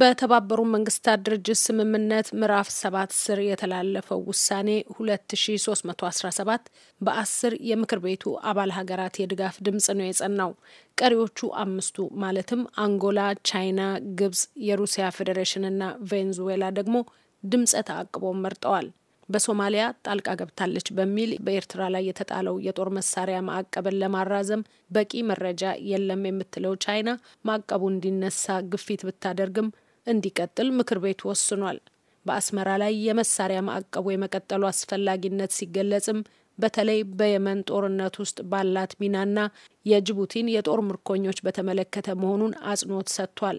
በተባበሩ መንግስታት ድርጅት ስምምነት ምዕራፍ ሰባት ስር የተላለፈው ውሳኔ 2317 በአስር የምክር ቤቱ አባል ሀገራት የድጋፍ ድምፅ ነው የጸናው። ቀሪዎቹ አምስቱ ማለትም አንጎላ፣ ቻይና፣ ግብጽ፣ የሩሲያ ፌዴሬሽን እና ቬንዙዌላ ደግሞ ድምፀ ተአቅቦ መርጠዋል። በሶማሊያ ጣልቃ ገብታለች በሚል በኤርትራ ላይ የተጣለው የጦር መሳሪያ ማዕቀብን ለማራዘም በቂ መረጃ የለም የምትለው ቻይና ማዕቀቡ እንዲነሳ ግፊት ብታደርግም እንዲቀጥል ምክር ቤቱ ወስኗል። በአስመራ ላይ የመሳሪያ ማዕቀቡ የመቀጠሉ አስፈላጊነት ሲገለጽም በተለይ በየመን ጦርነት ውስጥ ባላት ሚናና የጅቡቲን የጦር ምርኮኞች በተመለከተ መሆኑን አጽንኦት ሰጥቷል።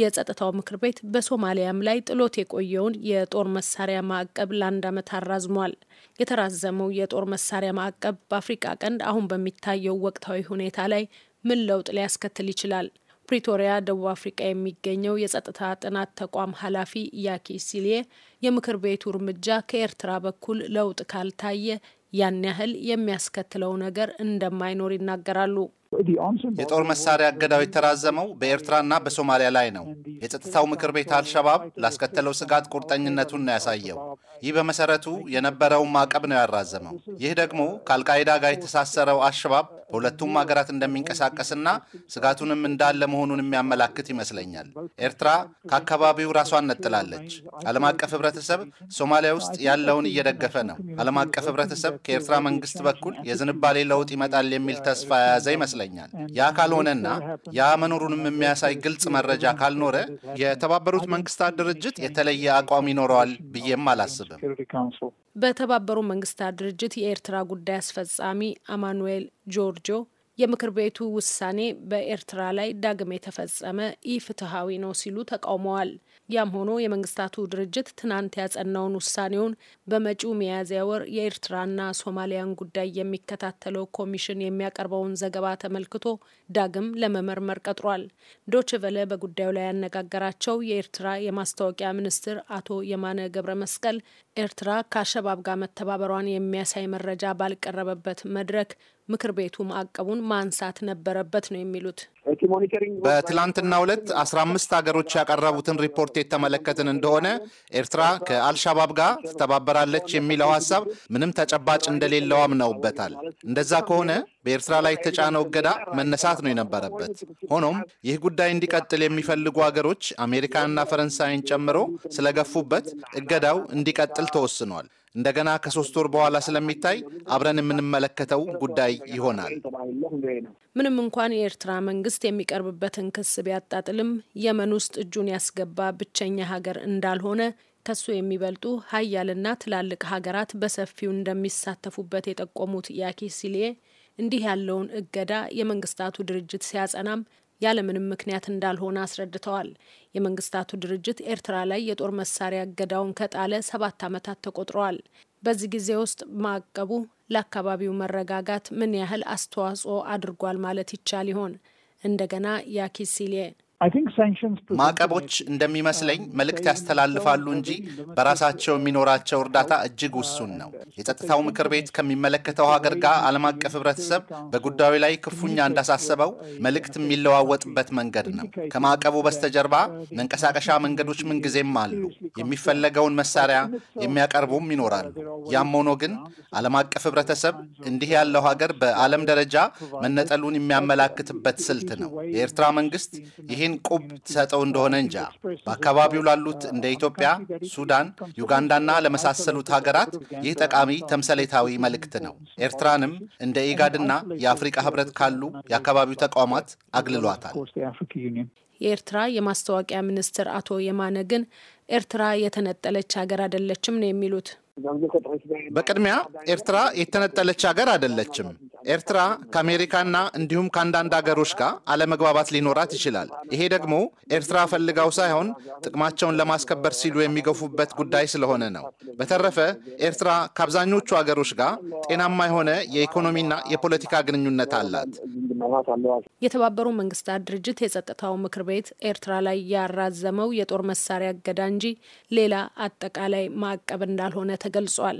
የጸጥታው ምክር ቤት በሶማሊያም ላይ ጥሎት የቆየውን የጦር መሳሪያ ማዕቀብ ለአንድ ዓመት አራዝሟል። የተራዘመው የጦር መሳሪያ ማዕቀብ በአፍሪቃ ቀንድ አሁን በሚታየው ወቅታዊ ሁኔታ ላይ ምን ለውጥ ሊያስከትል ይችላል? ፕሪቶሪያ ደቡብ አፍሪቃ የሚገኘው የጸጥታ ጥናት ተቋም ኃላፊ ያኪ ሲሊየ የምክር ቤቱ እርምጃ ከኤርትራ በኩል ለውጥ ካልታየ ያን ያህል የሚያስከትለው ነገር እንደማይኖር ይናገራሉ። የጦር መሳሪያ እገዳው የተራዘመው በኤርትራና በሶማሊያ ላይ ነው። የጸጥታው ምክር ቤት አልሸባብ ላስከተለው ስጋት ቁርጠኝነቱን ነው ያሳየው። ይህ በመሰረቱ የነበረውን ማዕቀብ ነው ያራዘመው። ይህ ደግሞ ከአልቃይዳ ጋር የተሳሰረው አሸባብ በሁለቱም ሀገራት እንደሚንቀሳቀስና ስጋቱንም እንዳለ መሆኑን የሚያመላክት ይመስለኛል። ኤርትራ ከአካባቢው ራሷን ነጥላለች። ዓለም አቀፍ ህብረተሰብ ሶማሊያ ውስጥ ያለውን እየደገፈ ነው። ዓለም አቀፍ ህብረተሰብ ከኤርትራ መንግስት በኩል የዝንባሌ ለውጥ ይመጣል የሚል ተስፋ የያዘ ይመስለኛል። ያ ካልሆነና ያ መኖሩንም የሚያሳይ ግልጽ መረጃ ካልኖረ የተባበሩት መንግስታት ድርጅት የተለየ አቋም ይኖረዋል ብዬም አላስብ። በተባበሩ መንግስታት ድርጅት የኤርትራ ጉዳይ አስፈጻሚ አማኑኤል ጆርጆ የምክር ቤቱ ውሳኔ በኤርትራ ላይ ዳግም የተፈጸመ ኢፍትሐዊ ነው ሲሉ ተቃውመዋል። ያም ሆኖ የመንግስታቱ ድርጅት ትናንት ያጸናውን ውሳኔውን በመጪው ሚያዝያ ወር የኤርትራና ሶማሊያን ጉዳይ የሚከታተለው ኮሚሽን የሚያቀርበውን ዘገባ ተመልክቶ ዳግም ለመመርመር ቀጥሯል። ዶችቨለ በጉዳዩ ላይ ያነጋገራቸው የኤርትራ የማስታወቂያ ሚኒስትር አቶ የማነ ገብረ መስቀል ኤርትራ ከአሸባብ ጋር መተባበሯን የሚያሳይ መረጃ ባልቀረበበት መድረክ ምክር ቤቱ ማዕቀቡን ማንሳት ነበረበት ነው የሚሉት በትላንትና ሁለት አስራ አምስት ሀገሮች ያቀረቡትን ሪፖርት የተመለከትን እንደሆነ ኤርትራ ከአልሻባብ ጋር ትተባበራለች የሚለው ሀሳብ ምንም ተጨባጭ እንደሌለው አምነውበታል። እንደዛ ከሆነ በኤርትራ ላይ የተጫነው እገዳ መነሳት ነው የነበረበት። ሆኖም ይህ ጉዳይ እንዲቀጥል የሚፈልጉ ሀገሮች አሜሪካንና ፈረንሳይን ጨምሮ ስለገፉበት እገዳው እንዲቀጥል ተወስኗል። እንደገና ከሶስት ወር በኋላ ስለሚታይ አብረን የምንመለከተው ጉዳይ ይሆናል። ምንም እንኳን የኤርትራ መንግስት መንግስት የሚቀርብበትን ክስ ቢያጣጥልም የመን ውስጥ እጁን ያስገባ ብቸኛ ሀገር እንዳልሆነ ከሱ የሚበልጡ ሀያልና ትላልቅ ሀገራት በሰፊው እንደሚሳተፉበት የጠቆሙት ያኪሲሌ እንዲህ ያለውን እገዳ የመንግስታቱ ድርጅት ሲያጸናም ያለምንም ምክንያት እንዳልሆነ አስረድተዋል። የመንግስታቱ ድርጅት ኤርትራ ላይ የጦር መሳሪያ እገዳውን ከጣለ ሰባት ዓመታት ተቆጥረዋል። በዚህ ጊዜ ውስጥ ማዕቀቡ ለአካባቢው መረጋጋት ምን ያህል አስተዋጽኦ አድርጓል ማለት ይቻል ይሆን? እንደገና ያኪሲሌ ማዕቀቦች እንደሚመስለኝ መልእክት ያስተላልፋሉ እንጂ በራሳቸው የሚኖራቸው እርዳታ እጅግ uh, ውሱን ነው። የጸጥታው ምክር ቤት ከሚመለከተው ሀገር ጋር ዓለም አቀፍ ህብረተሰብ በጉዳዩ ላይ ክፉኛ እንዳሳሰበው uh, መልእክት የሚለዋወጥበት መንገድ ነው። ከማዕቀቡ uh, በስተጀርባ መንቀሳቀሻ መንገዶች ምንጊዜም አሉ። የሚፈለገውን መሳሪያ የሚያቀርቡም ይኖራሉ። ያም ሆኖ ግን ዓለም አቀፍ ህብረተሰብ እንዲህ ያለው ሀገር በዓለም ደረጃ መነጠሉን የሚያመላክትበት ስልት ነው። የኤርትራ መንግስት ይህ ይህን ቁብ ትሰጠው እንደሆነ እንጃ። በአካባቢው ላሉት እንደ ኢትዮጵያ፣ ሱዳን፣ ዩጋንዳና ለመሳሰሉት ሀገራት ይህ ጠቃሚ ተምሳሌታዊ መልእክት ነው። ኤርትራንም እንደ ኢጋድና የአፍሪቃ ህብረት ካሉ የአካባቢው ተቋማት አግልሏታል። የኤርትራ የማስታወቂያ ሚኒስትር አቶ የማነ ግን ኤርትራ የተነጠለች ሀገር አይደለችም ነው የሚሉት። በቅድሚያ ኤርትራ የተነጠለች ሀገር አይደለችም። ኤርትራ ከአሜሪካና እንዲሁም ከአንዳንድ አገሮች ጋር አለመግባባት ሊኖራት ይችላል። ይሄ ደግሞ ኤርትራ ፈልጋው ሳይሆን ጥቅማቸውን ለማስከበር ሲሉ የሚገፉበት ጉዳይ ስለሆነ ነው። በተረፈ ኤርትራ ከአብዛኞቹ አገሮች ጋር ጤናማ የሆነ የኢኮኖሚና የፖለቲካ ግንኙነት አላት። የተባበሩ መንግስታት ድርጅት የጸጥታው ምክር ቤት ኤርትራ ላይ ያራዘመው የጦር መሳሪያ እገዳ እንጂ ሌላ አጠቃላይ ማዕቀብ እንዳልሆነ ተገልጿል።